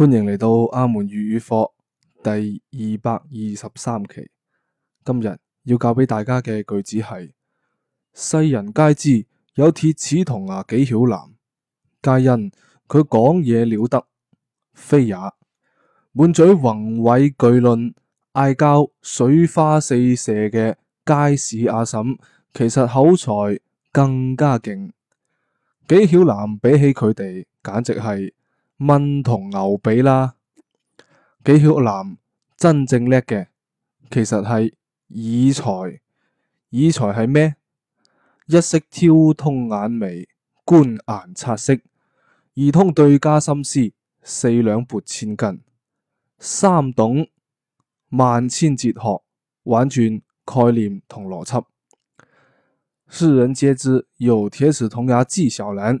歡迎嚟到阿門粵語課第二百二十三期。今日要教俾大家嘅句子係：世人皆知有鐵齒銅牙紀曉嵐，皆因佢講嘢了得，非也。滿嘴宏偉巨論、嗌交水花四射嘅街市阿嬸，其實口才更加勁。紀曉嵐比起佢哋，簡直係。蚊同牛比啦，紀曉嵐真正叻嘅，其實係耳才。耳才係咩？一識挑通眼眉，觀顏察色；二通對家心思，四兩撥千斤；三懂萬千哲學，玩轉概念同邏輯。世人皆知有鐵齒銅牙紀曉嵐。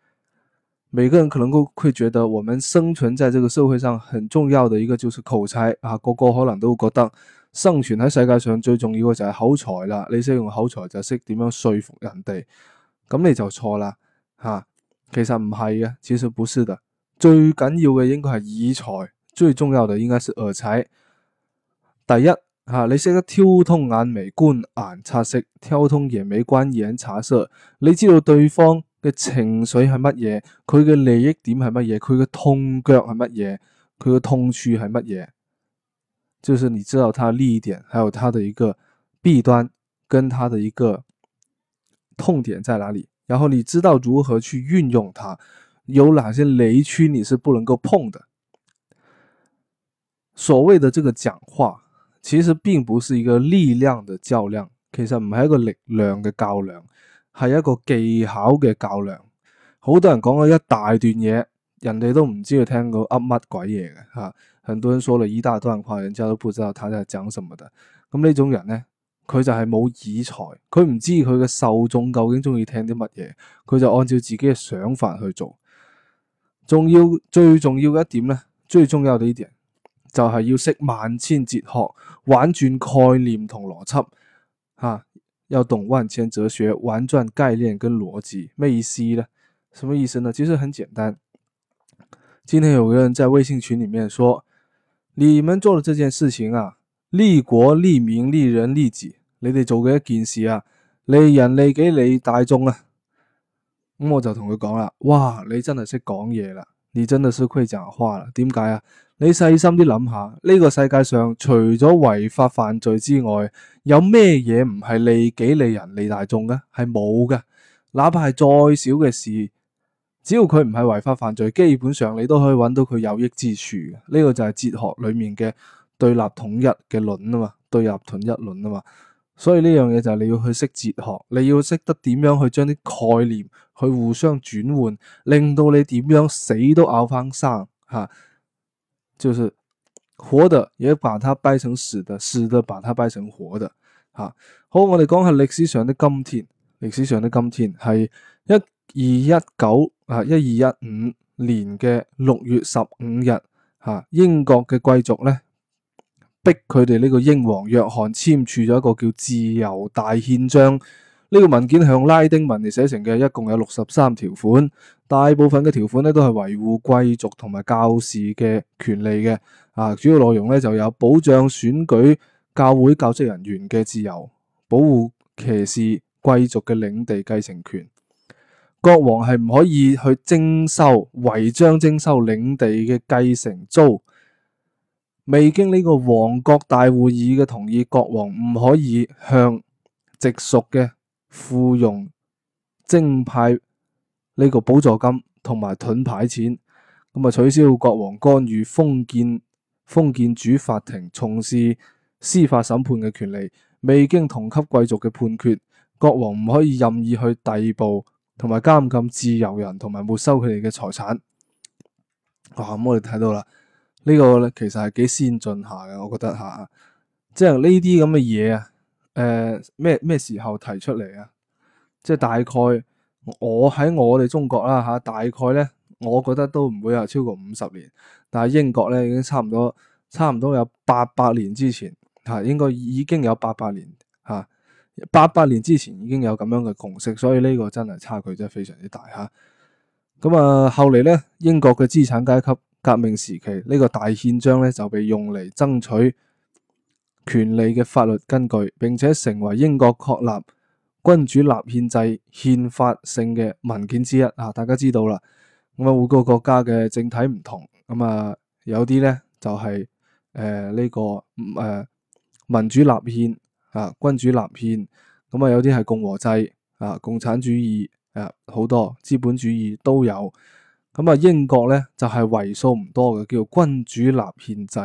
每個人可能會會覺得，我們生存在這個社會上很重要的一個就是口才啊，個個可能都覺得，生存喺世界上最重要嘅就係口才啦。你識用口才就識點樣說服人哋，咁你就錯啦吓。其實唔係嘅，至少不是嘅。最緊要嘅應該係耳才，最重要嘅應該係耳才。第一吓，啊，你識得挑通眼眉、觀顏察色，挑通眼眉觀眼察色，你知道對方。嘅情緒係乜嘢？佢嘅利益點係乜嘢？佢嘅痛腳係乜嘢？佢嘅痛處係乜嘢？就是你知道佢利益點，還有它的一個弊端，跟它的一個痛點在哪裡，然後你知道如何去運用它，有哪些雷區你是不能夠碰的。所謂的這個講話，其實並不是一個力量的較量，其實唔係一個力量嘅較量。係一個技巧嘅較量，好多人講咗一大段嘢，人哋都唔知佢聽到噏乜鬼嘢嘅吓，很多人所嚟依大，多人誇人之後，不知道他什麼的「坦、啊、蕩，整神唔得。咁呢種人咧，佢就係冇耳才，佢唔知佢嘅受眾究竟中意聽啲乜嘢，佢就按照自己嘅想法去做。仲要最重要嘅一點咧，最重要我哋呢啲人就係、是、要識萬千哲學，玩轉概念同邏輯吓。啊要懂萬千哲學，玩轉概念跟邏輯，咩意思呢？什麼意思呢？其實很簡單。今天有個人在微信群裏面說：“你們做的這件事情啊，利國利民利人利己，你哋做嘅一件事啊，利人利己利大眾啊。”咁我就同佢講啦：“哇，你真係識講嘢啦！”你真係衰虧淨係花啦？點解啊？你細心啲諗下，呢、這個世界上除咗違法犯罪之外，有咩嘢唔係利己、利人、利大眾嘅？係冇嘅。哪怕係再小嘅事，只要佢唔係違法犯罪，基本上你都可以揾到佢有益之處。呢、這個就係哲學裏面嘅對立統一嘅論啊嘛，對立統一論啊嘛。所以呢樣嘢就係你要去識哲學，你要識得點樣去將啲概念去互相轉換，令到你點樣死都拗翻生。哈、啊，就是活的也把它掰成死的，死的把它掰成活的，哈、啊。好，我哋講下歷史上的今天，歷史上的今天係一二一九啊一二一五年嘅六月十五日，哈、啊，英國嘅貴族咧。逼佢哋呢個英皇約翰簽署咗一個叫《自由大憲章》呢個文件，向拉丁文嚟寫成嘅，一共有六十三條款，大部分嘅條款呢，都係維護貴族同埋教士嘅權利嘅。啊，主要內容呢，就有保障選舉、教會教職人員嘅自由，保護騎士、貴族嘅領地繼承權，國王係唔可以去徵收違章徵收領地嘅繼承租。未經呢個王國大會議嘅同意，國王唔可以向直屬嘅附庸徵派呢個補助金同埋盾牌錢。咁啊，取消國王干預封建封建主法庭從事司法審判嘅權利。未經同級貴族嘅判決，國王唔可以任意去逮捕同埋監禁自由人同埋沒收佢哋嘅財產。哇、哦嗯！我哋睇到啦。呢個咧其實係幾先進下嘅，我覺得吓、啊，即係呢啲咁嘅嘢啊，誒咩咩時候提出嚟啊？即係大概我喺我哋中國啦吓、啊，大概咧，我覺得都唔會有超過五十年，但係英國咧已經差唔多，差唔多有八百年之前吓、啊，應該已經有八百年吓，八百年之前已經有咁樣嘅共識，所以呢個真係差距真係非常之大吓。咁啊，後嚟咧，英國嘅資產階級。革命時期呢、呢個大憲章咧就被用嚟爭取權利嘅法律根據，並且成為英國確立君主立憲制憲法性嘅文件之一啊！大家知道啦，咁啊，每個國家嘅政體唔同，咁啊，有啲咧就係誒呢個誒民主立憲啊，君主立憲，咁啊有啲係共和制啊，共產主義啊，好多資本主義都有。咁啊，英國咧就係為數唔多嘅，叫君主立憲制。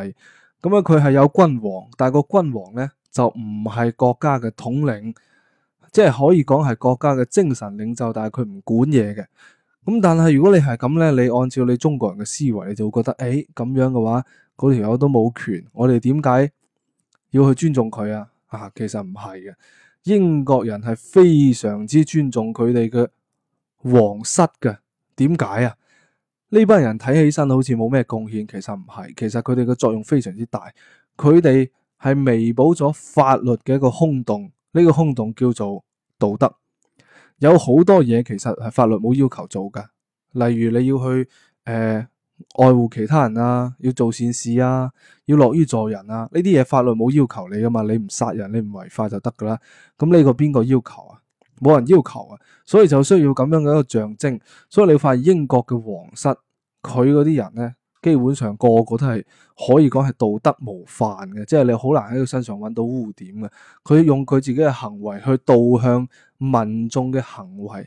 咁咧佢係有君王，但係個君王咧就唔係國家嘅統領，即係可以講係國家嘅精神領袖，但係佢唔管嘢嘅。咁但係如果你係咁咧，你按照你中國人嘅思維，你就會覺得，誒咁樣嘅話，嗰條友都冇權，我哋點解要去尊重佢啊？啊，其實唔係嘅，英國人係非常之尊重佢哋嘅皇室嘅。點解啊？呢班人睇起身好似冇咩貢獻，其實唔係，其實佢哋嘅作用非常之大。佢哋係彌補咗法律嘅一個空洞，呢個空洞叫做道德。有好多嘢其實係法律冇要求做噶，例如你要去誒愛護其他人啊，要做善事啊，要樂於助人啊，呢啲嘢法律冇要求你噶嘛，你唔殺人，你唔違法就得噶啦。咁呢個邊個要求啊？冇人要求啊，所以就需要咁樣嘅一個象徵。所以你發現英國嘅皇室，佢嗰啲人咧，基本上個個都係可以講係道德模範嘅，即係你好難喺佢身上揾到污點嘅。佢用佢自己嘅行為去導向民眾嘅行為，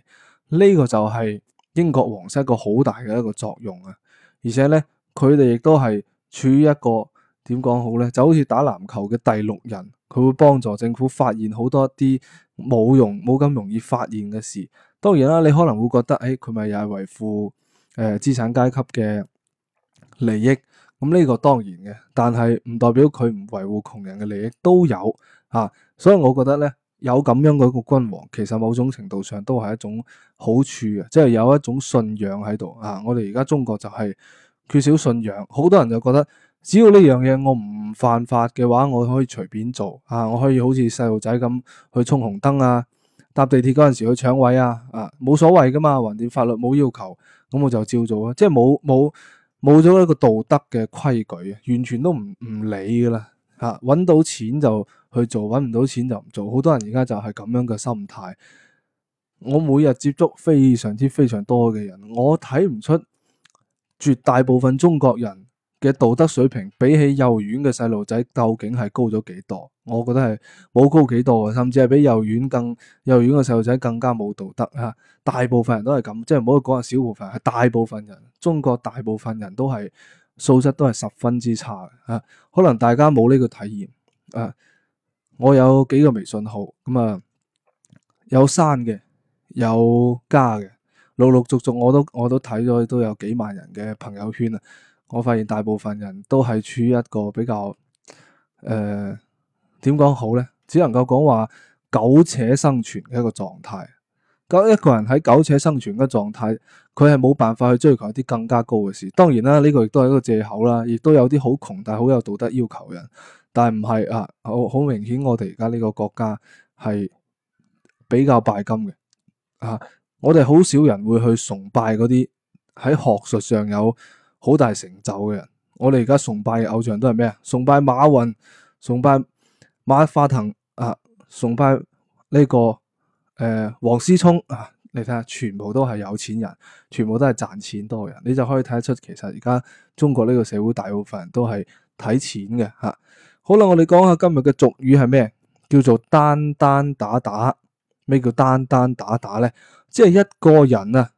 呢、這個就係英國皇室一個好大嘅一個作用啊。而且咧，佢哋亦都係處於一個點講好咧，就好似打籃球嘅第六人。佢會幫助政府發現好多啲冇容冇咁容易發現嘅事。當然啦，你可能會覺得，誒，佢咪又係維護誒資產階級嘅利益？咁呢個當然嘅，但係唔代表佢唔維護窮人嘅利益都有啊。所以我覺得咧，有咁樣嘅一個君王，其實某種程度上都係一種好處嘅，即係有一種信仰喺度啊。我哋而家中國就係缺少信仰，好多人就覺得。只要呢樣嘢我唔犯法嘅話，我可以隨便做啊！我可以好似細路仔咁去衝紅燈啊，搭地鐵嗰陣時去搶位啊，啊，冇所謂噶嘛，橫掂法律冇要求，咁我就照做啦。即係冇冇冇咗一個道德嘅規矩啊，完全都唔唔理噶啦吓，揾到錢就去做，揾唔到錢就唔做。好多人而家就係咁樣嘅心態。我每日接觸非常之非常多嘅人，我睇唔出絕大部分中國人嘅道德水平比起幼兒園嘅細路仔究竟係高咗幾多？我覺得係冇高幾多啊，甚至係比幼兒園更幼兒園嘅細路仔更加冇道德啊！大部分人都係咁，即係唔好講係小部分，係大部分人，中國大部分人都係素質都係十分之差嘅啊！可能大家冇呢個體驗啊！我有幾個微信號咁啊，有刪嘅，有加嘅，陸陸續續我都我都睇咗都有幾萬人嘅朋友圈啊！我發現大部分人都係處於一個比較誒，點講好咧？只能夠講話苟且生存嘅一個狀態。咁一個人喺苟且生存嘅狀態，佢係冇辦法去追求一啲更加高嘅事。當然啦，呢個亦都係一個借口啦。亦都有啲好窮但係好有道德要求嘅人，但係唔係啊，好好明顯我哋而家呢個國家係比較拜金嘅啊！我哋好少人會去崇拜嗰啲喺學術上有。好大成就嘅人，我哋而家崇拜嘅偶像都係咩啊？崇拜馬雲，崇拜馬化騰，啊，崇拜呢、這個誒王，呃、思聰啊！你睇下，全部都係有錢人，全部都係賺錢多嘅人，你就可以睇得出，其實而家中國呢個社會大部分人都係睇錢嘅吓、啊。好啦，我哋講下今日嘅俗語係咩？叫做單單打打。咩叫單單打打咧？即係一個人啊！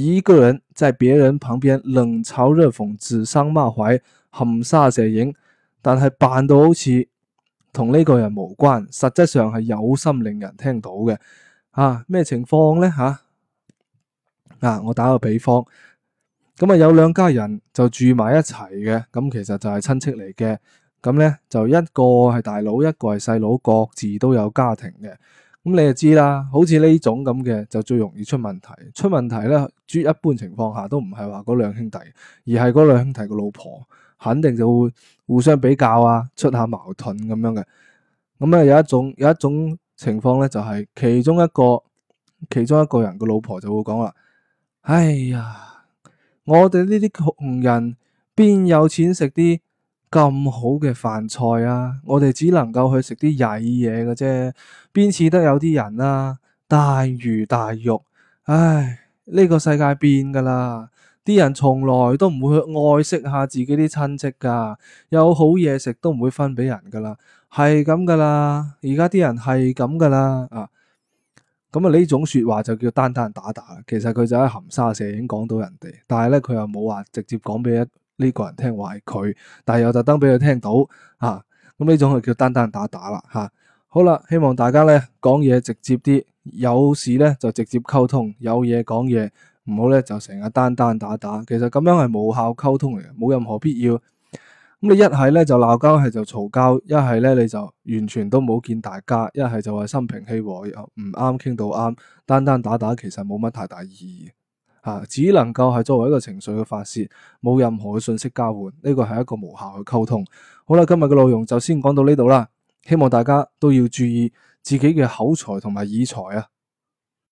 一個人在別人旁邊冷嘲熱諷、指桑罵槐、含沙射影，但係扮到好似同呢個人無關，實質上係有心令人聽到嘅。啊，咩情況呢？吓、啊，啊，我打個比方，咁啊有兩家人就住埋一齊嘅，咁其實就係親戚嚟嘅，咁咧就一個係大佬，一個係細佬，各自都有家庭嘅。咁你就知啦，好似呢種咁嘅就最容易出問題。出問題咧，一般情況下都唔係話嗰兩兄弟，而係嗰兩兄弟個老婆，肯定就會互相比較啊，出下矛盾咁樣嘅。咁啊，有一種有一種情況咧，就係其中一個其中一個人個老婆就會講啦：哎呀，我哋呢啲窮人邊有錢食啲咁好嘅飯菜啊！我哋只能夠去食啲曳嘢嘅啫，邊似得有啲人啊，大魚大肉。唉，呢個世界變噶啦，啲人從來都唔會去愛惜下自己啲親戚噶，有好嘢食都唔會分俾人噶啦，係咁噶啦。而家啲人係咁噶啦啊，咁啊呢種說話就叫單單打打，其實佢就喺含沙射影講到人哋，但係咧佢又冇話直接講俾一。呢個人聽壞佢，但係又特登俾佢聽到，吓，咁呢種係叫單單打打啦，吓、啊、好啦，希望大家咧講嘢直接啲，有事咧就直接溝通，有嘢講嘢唔好咧就成日單單打打，其實咁樣係無效溝通嚟嘅，冇任何必要。咁你一係咧就鬧交，一係就嘈交，一係咧你就完全都冇見大家，一係就係心平氣和又唔啱傾到啱，單單打打其實冇乜太大意義。啊！只能夠係作為一個情緒嘅發洩，冇任何嘅信息交換，呢個係一個無效嘅溝通。好啦，今日嘅內容就先講到呢度啦，希望大家都要注意自己嘅口才同埋耳才啊！